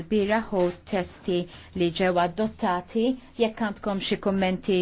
l-biraħu testi li ġew adottati jekk għandkom xi kummenti